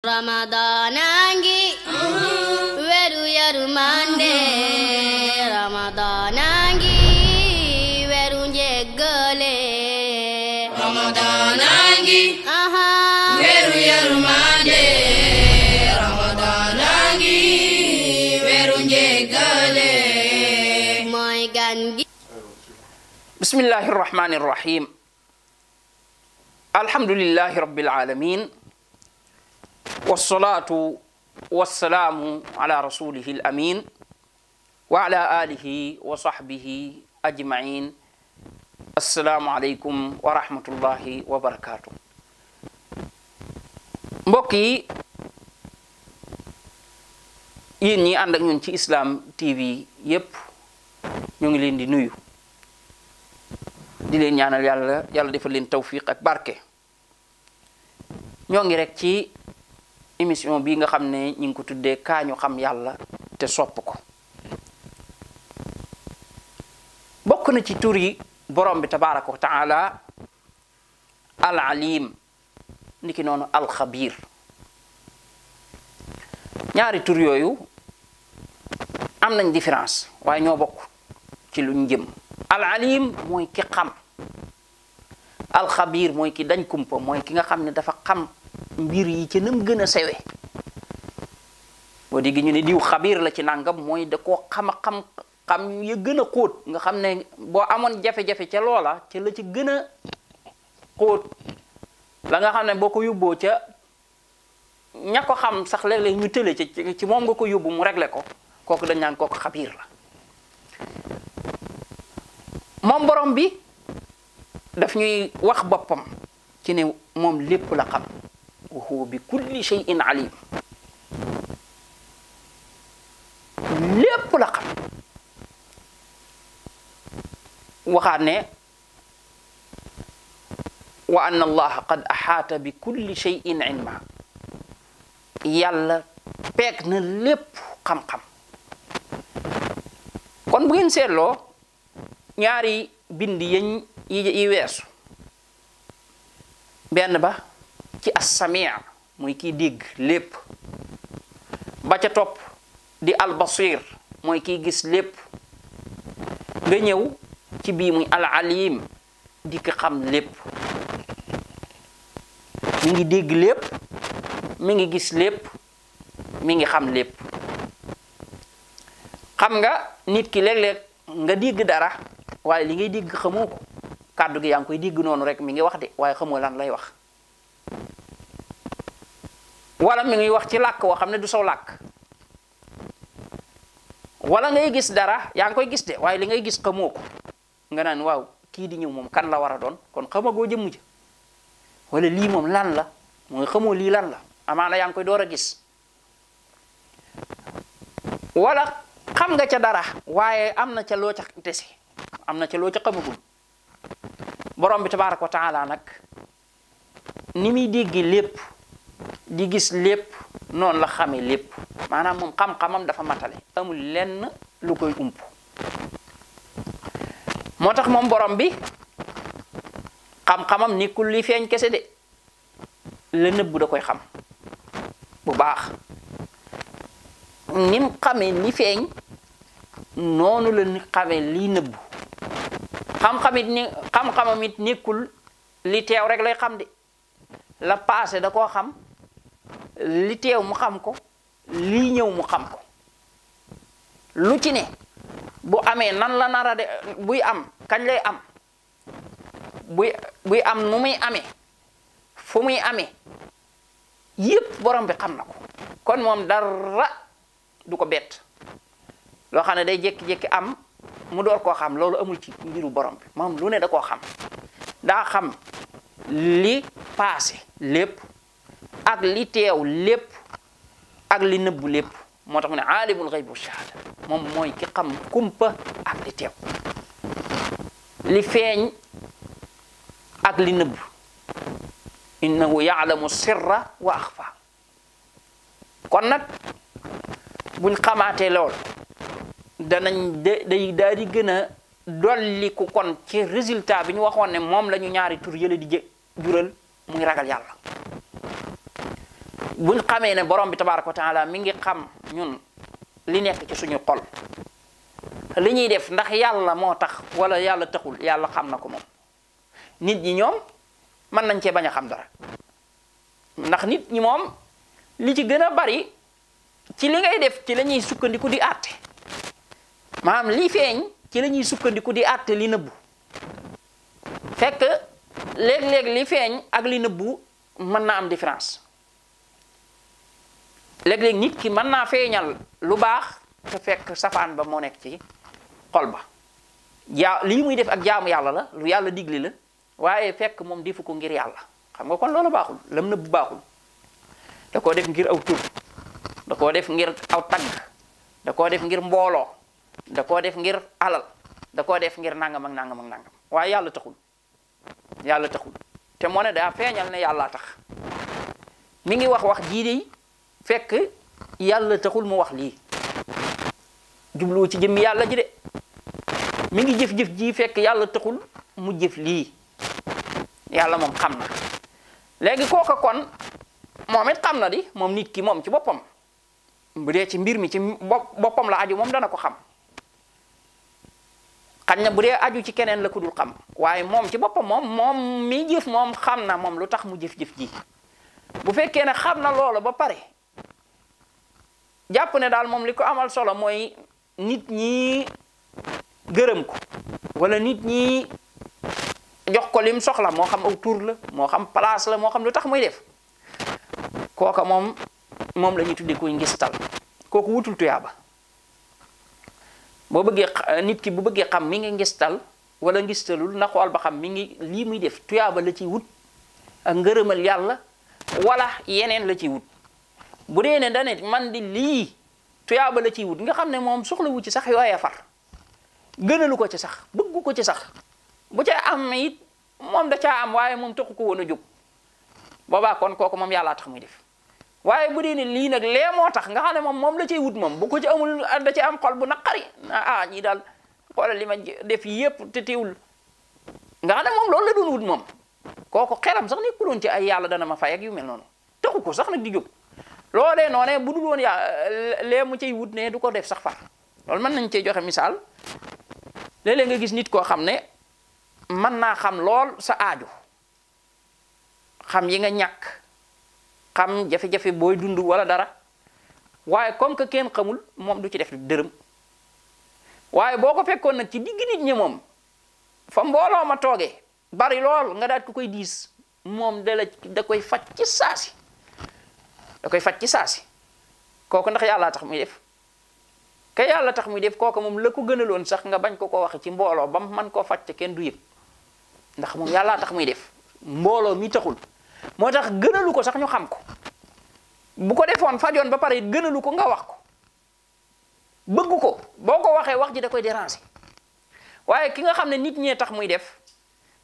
ramadaanangi weru yaru mande ramadaanangi weru njëggale ramadaanangi aha weru yaru mande ramadaanangi weru njëggale mooy gan gi bismillahir rahmanir rahim alhamdulillahi rabbil alamin والصلاة والسلام على رسوله الأمين وعلى آله وصحبه أجمعين السلام عليكم ورحمة الله وبركاته mbokki yéen ñi ànd ak ñun ci islam tv yépp ñu ngi leen di nuyu di leen ñaanal yàlla yàlla defal leen tawfiq ak barke ñoo ngi rek ci émission bii nga xam ne ñu ngi ko tuddee kaañu xam yàlla te sopp ko bokk na ci tur yi borom bi tabaraka wa taala al alim niki noonu al xabir ñaari tur yooyu am nañ différence waaye ñoo bokk ci luñ jëm al alim mooy ki xam al xabir mooy ki dañ kumpa mooy ki nga xam ne dafa xam mbir yi ci nam gën a sewe boo déggee ñu ne diw xabiir la ci nangam mooy da koo xama xam xam ya gën a xóot nga xam ne boo amoon jafe-jafe ca loola ca la ci gën a xóot la nga xam ne boo ko yóbboo ca ña ko xam sax léeg-léeg ñu tële ci moom nga ko yóbbu mu réglé ko kooku dañ naan kooku xabiir la moom borom bi daf ñuy wax boppam ci ne moom lépp la xam وهو بكل شيء عليم لب لقر وقال نعم. وأن الله قد أحاط بكل شيء علما يلا بيكن لب قم قم كون بغين سيرلو ñaari bind yi yi weesu ci as-sami' moy ki dig top ba ca top di al-basir moy ki gis lepp nga ñew ci bi muy al-alim di ki xam lepp mi ngi dig lepp mi ngi gis lepp mi ngi xam lepp xam nga nit ki leg leg nga dig dara waye li ngay dig xamoko kaddu gi yang koy dig nonu rek mi ngi wax de waye xamoo lan lay wax wala mi ngi wax ci làkk woo xam ne du saw làkk wala ngay gis dara yaa ngi koy gis de waaye li ngay gis xamoo ko nga naan waaw kii di ñëw moom kan la war a doon kon xamagoo jëmm ja wala lii moom lan la mooy xamoo lii lan la amaana yaa ngi koy door a gis wala xam nga ca dara waaye am na ca loo ca dese am na ca loo ca xamagul borom bi tabaaraka ko taala nag ni muy dégg lépp di gis lépp noonu la xamee lépp maanaam moom xam-xamam dafa matale amul lenn lu koy ump moo tax moom borom bi xam-xamam nekkul li feeñ kese de la nëbbu da koy xam bu baax nim xamee li feeñ noonu la ni xamee liy nëbbu xam-xam it ni xam-xamam it li teew rek lay xam de la paase da koo xam li teew mu xam ko li ñëw mu xam ko lu ci ne bu amee nan la nara a de buy am kañ lay am buy buy am nu muy ame fu muy amee yépp borom bi xam na ko kon moom dara du ko bett loo xam ne day jékki am mu door koo xam loolu amul ci mbiru borom bi moom lu ne da koo xam daa xam li paase lépp ak li teew lépp ak li nëbbu lépp moo tax mu ne aalimul xaybi wa shahaada moom mooy ki xam kumpa ak li teew li feeñ ak li nëbb innahu yaalamu sirra wa axfa kon nag buñ xamaatee lool danañ day daal di gën a dolliku kon ci résultat bi ñu waxoon ne moom la ñu ñaari tur yële di jural muy ragal yàlla buñ xamé ne borom bi tabaraka wa taala mi ngi xam ñun li nekk ci suñu xol li ñuy def ndax yalla mo tax wala yalla taxul yalla xam na ko mom nit ñi ñom man nañ ci baña xam dara ndax nit ñi mom li ci gëna bari ci li ngay def ci lañuy sukkandiku di atté maam li feñ ci lañuy sukkandiku di atté li neub fekk leg leg li feñ ak li neub man na am différence leg leg nit ki man na feñal lu bax te fek safan ba mo nek ci xol ba ya li muy def ak jaamu yalla la lu yalla digli la waye fek mom defu ko ngir yalla xam nga kon lolu baxul lam na bu baxul da ko def ngir aw tur da ko def ngir aw tag da ko def ngir mbolo da ko def ngir alal da ko def ngir nangam ak nangam ak nangam wa yalla taxul yalla taxul te ne ne yalla tax mi ngi wax wax fekk yàlla taxul mu wax lii jubluwu ci jëmm yàlla ji de mi ngi jëf-jëf ji fekk yàlla taxul mu jëf lii yàlla moom xam na léegi kooka kon moom it xam na di moom nit ki moom ci boppam bu dee ci mbir mi ci boppam la aju moom dana ko xam xañ na bu dee aju ci keneen la ku dul xam waaye moom ci boppam moom moom mi jëf moom xam na moom lu tax mu jëf-jëf ji bu fekkee ne xam na loolu ba pare japp ne dal mom liko amal solo moy nit ñi gërëm ko wala nit ñi jox ko lim soxla mo xam autour la mo xam place la mo xam lutax moy def koka mom mom lañu ñuy tuddee ngistal koku wutul tuyaba bo bëggee nit ki bu bëggee xam mi ngi ngistal wala ngistalul na xol ba xam mi ngi li muy def tuyaba la ci wut ak ngeureumal yalla wala yenen la ci wut bu dee ne dane man di lii tuyaaba la ciy wut nga xam ne moom soxlawu ci sax yooyee far gënalu ko ci sax bëggu ko ci sax bu ca am yit moom da caa am waaye moom taxu ko woon a jóg boobaa kon kooku moom yàllaa tax muy def waaye bu dee lii nag lee moo tax nga xam ne moom moom la cay wut moom bu ko ci amul da ci am xol bu naqari ah ñii daal xoolal li ma def yépp te teewul nga xam ne moom loolu la wut moom kooku xelam sax nekkuloon ci ay yàlla dana ma fay ak yu mel noonu taxu ko sax nag di jóg loolee noonee bu dul woon yaa euh, lee mu cay wut ne du ko def sax far loolu mën nañ cee joxe misaal léeg-léeg nga gis nit koo xam ne mën naa xam lool sa aaju xam yi nga ñàkk xam jafe-jafe booy dund wala dara waaye comme que kenn xamul moom du ci def dërëm waaye boo ko fekkoon nag ci digg nit ñi moom fa mbooloo ma toogee bari lool nga daal ku koy diis moom da la da koy faj ci saasi da koy faj ci saa si kooku ndax yàlla tax muy def ka yàlla tax muy def kooku moom la ko gënaloon sax nga bañ ko ko waxee ci mbooloo ba man koo faj te kenn du yëg ndax moom yàlla tax muy def mbooloo mi taxul moo tax gënalu ko sax ñu xam ko bu ko defoon fajoon ba pare gënalu ko nga wax ko bëgg ko boo ko waxee wax ji da koy déranger waaye ki nga xam ne nit ñee tax muy def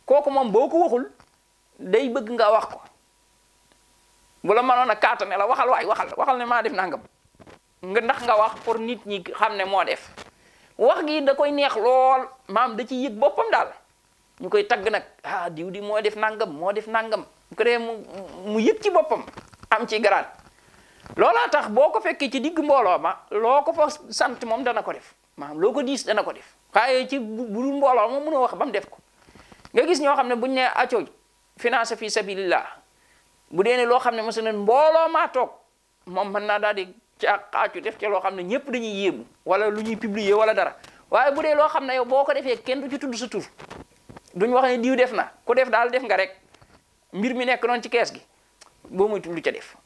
kooku moom boo ko waxul day bëgg nga wax ko bu la mënoon a kaata ne la waxal waay waxal waxal ne maa def nangam nga ndax nga wax pour nit ñi xam ne moo def wax gi da koy neex lool maam da ci yëg boppam daal ñu koy tagg nag ah diw di moo def nangam moo def nangam bu ko mu mu yëg ci boppam am ci garaat loolaa tax boo ko fekkee ci digg mbooloo ma loo ko fa sant moom dana ko def maam loo ko diis dana ko def waaye ci bu mbooloo ma mënoo wax ba mu def ko nga gis ñoo xam ne buñ ne acoo financé fi sabilillah bu dee ne loo xam ne masalan mbooloo maa toog moom mën naa daal di ca xaacu def ca loo xam ne ñëpp dañuy yéemu wala lu ñuy publier wala dara waaye bu dee loo xam na yow boo ko defee kenn du ci tudd su tur duñ wax ne diw def na ku def daal def nga rek mbir mi nekk noonu ci kees gi boo muy tudd ca def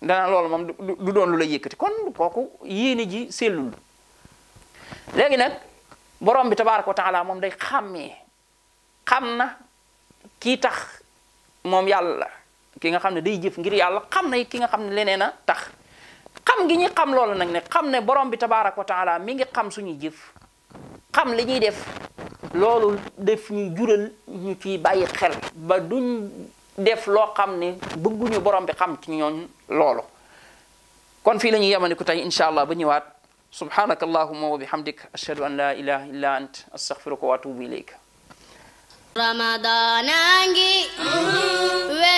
dana loolu moom du doon lu la yëkkati kon kooku yéene ji sellul léegi nag borom bi tabaaraka wa taala moom day xàmmee xam na kii tax moom yàlla ki nga xam ne day jëf ngir yàlla xam na ki nga xam ne leneen a tax xam ngi ñi xam loolo nag ne xam ne borom bi tabaaraka wa taala mi ngi xam suñu jëf xam li ñuy def loolu def ñu jural ñu ciy bàyyi xel ba duñ def loo xam ne bëgguñu borom bi xam ci ñooñ loolu kon fii la ñuy yemaniku tey incha allah ba ñëwaat subhanaka allahuma wa bihamdik ashhadu an la ilaha illa ant astaghfiruka wa atubu ilayka Ramazan angi ve